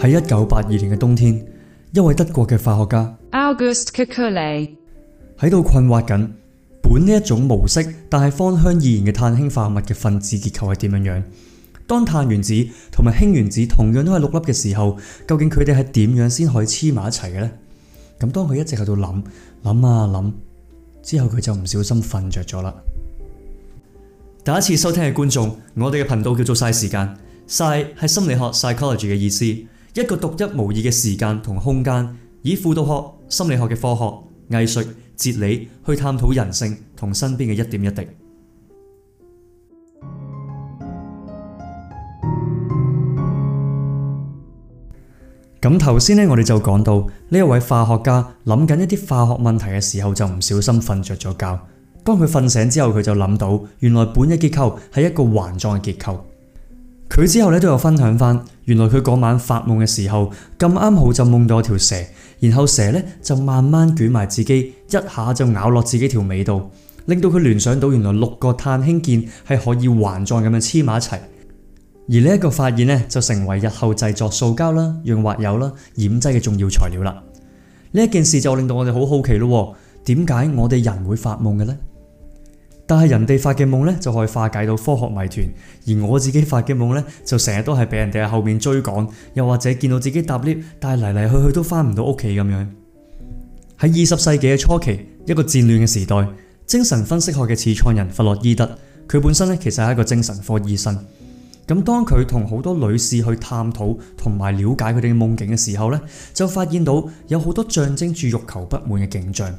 喺一九八二年嘅冬天，一位德國嘅化學家 August Kekule 喺度困惑緊，本呢一種模式，但係芳香易燃嘅碳氫化物嘅分子結構係點樣樣？當碳原子同埋氫原子同樣都係六粒嘅時候，究竟佢哋係點樣先可以黐埋一齊嘅呢？咁當佢一直喺度諗諗啊諗、啊啊，之後佢就唔小心瞓着咗啦。第一次收聽嘅觀眾，我哋嘅頻道叫做晒時間，晒係心理學 psychology 嘅意思。一個獨一無二嘅時間同空間，以輔導學、心理學嘅科學、藝術、哲理去探討人性同身邊嘅一點一滴。咁頭先呢，我哋就講到呢一位化學家諗緊一啲化學問題嘅時候，就唔小心瞓着咗覺。當佢瞓醒之後，佢就諗到，原來苯嘅結構係一個環狀嘅結構。佢之後咧都有分享翻，原來佢嗰晚發夢嘅時候咁啱好就夢到條蛇，然後蛇咧就慢慢捲埋自己，一下就咬落自己條尾度，令到佢聯想到原來六個碳氫鍵係可以環狀咁樣黐埋一齊，而呢一個發現咧就成為日後製作塑膠啦、潤滑油啦、染劑嘅重要材料啦。呢一件事就令到我哋好好奇咯，點解我哋人會發夢嘅咧？但係人哋發嘅夢咧，就可以化解到科學謎團；而我自己發嘅夢咧，就成日都係俾人哋喺後面追趕，又或者見到自己搭 lift，但係嚟嚟去去都翻唔到屋企咁樣。喺二十世紀嘅初期，一個戰亂嘅時代，精神分析學嘅始創人弗洛伊德，佢本身咧其實係一個精神科醫生。咁當佢同好多女士去探討同埋了解佢哋嘅夢境嘅時候咧，就發現到有好多象徵住欲求不滿嘅景象。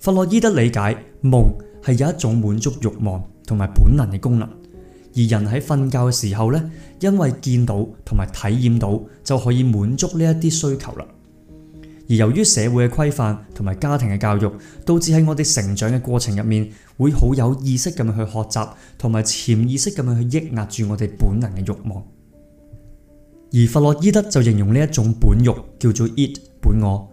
弗洛伊德理解夢係有一種滿足慾望同埋本能嘅功能，而人喺瞓覺嘅時候咧，因為見到同埋體驗到就可以滿足呢一啲需求啦。而由於社會嘅規範同埋家庭嘅教育，導致喺我哋成長嘅過程入面，會好有意識咁去學習同埋潛意識咁去抑壓住我哋本能嘅慾望。而弗洛伊德就形容呢一種本慾叫做 Id 本我。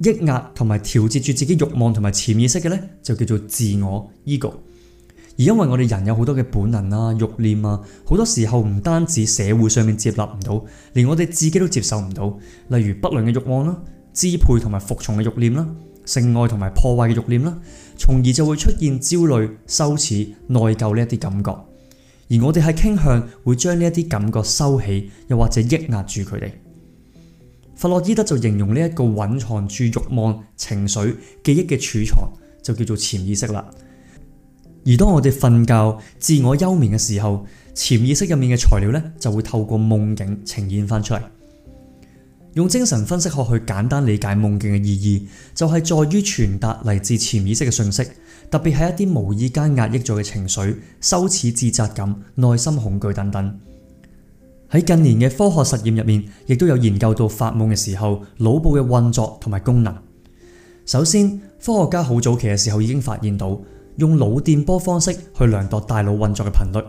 抑壓同埋調節住自己欲望同埋潛意識嘅咧，就叫做自我 ego。而因為我哋人有好多嘅本能啊、欲念啊，好多時候唔單止社會上面接納唔到，連我哋自己都接受唔到。例如不良嘅欲望啦、支配同埋服從嘅欲念啦、性愛同埋破壞嘅欲念啦，從而就會出現焦慮、羞恥、內疚呢一啲感覺。而我哋係傾向會將呢一啲感覺收起，又或者抑壓住佢哋。佛洛伊德就形容呢一個蘊藏住慾望、情緒、記憶嘅儲藏，就叫做潛意識啦。而當我哋瞓覺、自我休眠嘅時候，潛意識入面嘅材料咧，就會透過夢境呈現翻出嚟。用精神分析學去簡單理解夢境嘅意義，就係在於傳達嚟自潛意識嘅訊息，特別係一啲無意間壓抑咗嘅情緒、羞恥、自責感、內心恐懼等等。喺近年嘅科學實驗入面，亦都有研究到發夢嘅時候腦部嘅運作同埋功能。首先，科學家好早期嘅時候已經發現到用腦電波方式去量度大腦運作嘅頻率。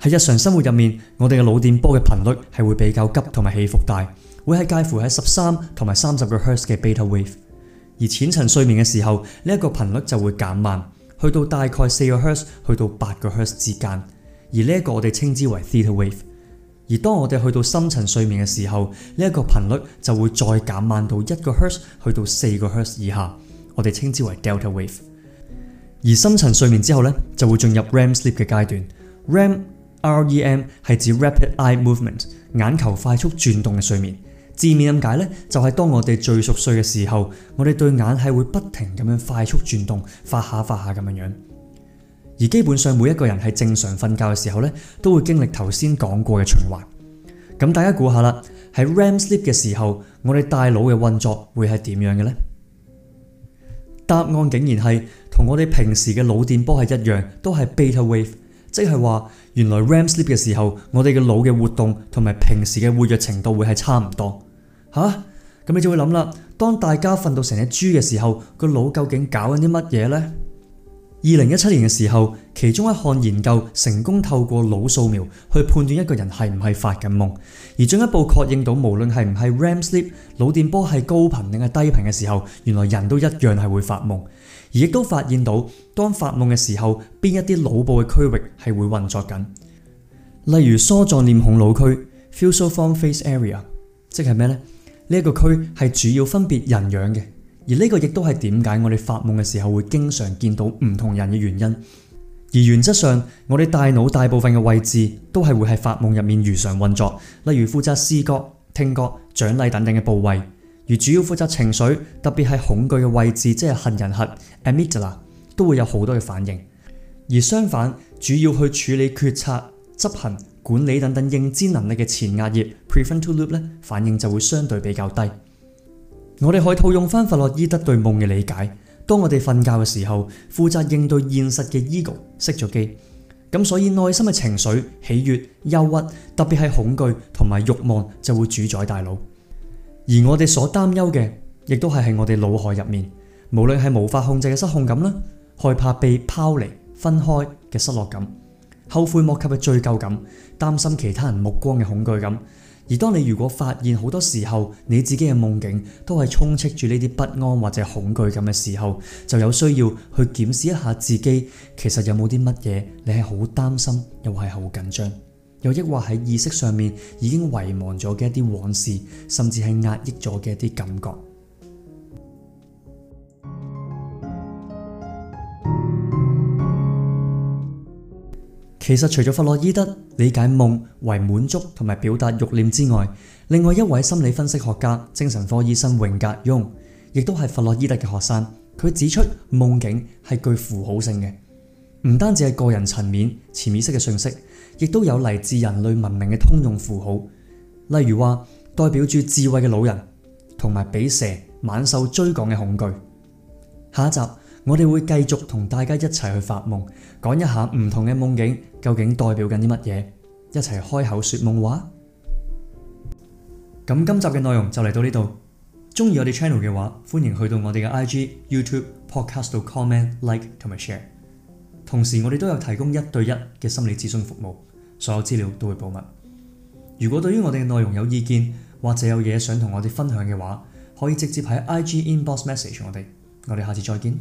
喺日常生活入面，我哋嘅腦電波嘅頻率係會比較急同埋起伏大，會係介乎喺十三同埋三十個赫茲嘅 beta wave。而淺層睡眠嘅時候，呢一個頻率就會減慢，去到大概四個赫茲去到八個赫茲之間。而呢一個我哋稱之為 theta wave。而當我哋去到深層睡眠嘅時候，呢、這、一個頻率就會再減慢到一個赫茲去到四個赫茲以下，我哋稱之為 delta wave。而深層睡眠之後呢，就會進入 REM sleep 嘅階段。REM R E M 係指 rapid eye movement，眼球快速轉動嘅睡眠。字面咁解呢，就係、是、當我哋最熟睡嘅時候，我哋對眼係會不停咁樣快速轉動，發下發下咁樣樣。而基本上每一個人喺正常瞓覺嘅時候咧，都會經歷頭先講過嘅循環。咁大家估下啦，喺 REM sleep 嘅時候，我哋大腦嘅運作會係點樣嘅呢？答案竟然係同我哋平時嘅腦電波係一樣，都係 beta wave，即係話原來 REM sleep 嘅時候，我哋嘅腦嘅活動同埋平時嘅活躍程度會係差唔多。吓、啊，咁你就會諗啦，當大家瞓到成隻豬嘅時候，個腦究竟搞緊啲乜嘢呢？二零一七年嘅時候，其中一項研究成功透過腦掃描去判斷一個人係唔係發緊夢，而進一步確認到無論係唔係 REM sleep，腦電波係高頻定係低頻嘅時候，原來人都一樣係會發夢，而亦都發現到當發夢嘅時候，邊一啲腦部嘅區域係會運作緊，例如疏狀臉孔腦區 （fusiform face area），即係咩呢？呢、這、一個區係主要分別人樣嘅。而呢個亦都係點解我哋發夢嘅時候會經常見到唔同人嘅原因。而原則上，我哋大腦大部分嘅位置都係會喺發夢入面如常運作，例如負責視覺、聽覺、獎勵等等嘅部位，而主要負責情緒，特別係恐懼嘅位置，即係杏仁核 a m y g d l a 都會有好多嘅反應。而相反，主要去處理決策、執行、管理等等認知能力嘅前額葉 （prefrontal lobe） 咧，反應就會相對比較低。我哋可以套用翻弗洛，洛伊德對夢嘅理解，當我哋瞓覺嘅時候，負責應對現實嘅 ego 熄咗機，咁所以內心嘅情緒喜悦、憂鬱，特別係恐懼同埋慾望就會主宰在大腦，而我哋所擔憂嘅，亦都係喺我哋腦海入面，無論係無法控制嘅失控感啦，害怕被拋離分開嘅失落感，後悔莫及嘅罪疚感，擔心其他人目光嘅恐懼感。而當你如果發現好多時候你自己嘅夢境都係充斥住呢啲不安或者恐懼咁嘅時候，就有需要去檢視一下自己其實有冇啲乜嘢你係好擔心又係好緊張，又抑或喺意識上面已經遺忘咗嘅一啲往事，甚至係壓抑咗嘅一啲感覺。其實除咗佛洛伊德理解夢為滿足同埋表達慾念之外，另外一位心理分析學家、精神科醫生榮格翁，亦都係佛洛伊德嘅學生。佢指出夢境係具符號性嘅，唔單止係個人層面潛意識嘅訊息，亦都有嚟自人類文明嘅通用符號。例如話代表住智慧嘅老人，同埋俾蛇猛獸追趕嘅恐懼。下一集。我哋會繼續同大家一齊去發夢，講一下唔同嘅夢境究竟代表緊啲乜嘢，一齊開口說夢話。咁今集嘅內容就嚟到呢度。中意我哋 channel 嘅話，歡迎去到我哋嘅 IG、YouTube、Podcast 度 comment like 同埋 share。同時我哋都有提供一對一嘅心理諮詢服務，所有資料都會保密。如果對於我哋嘅內容有意見或者有嘢想同我哋分享嘅話，可以直接喺 IG inbox message 我哋。我哋下次再見。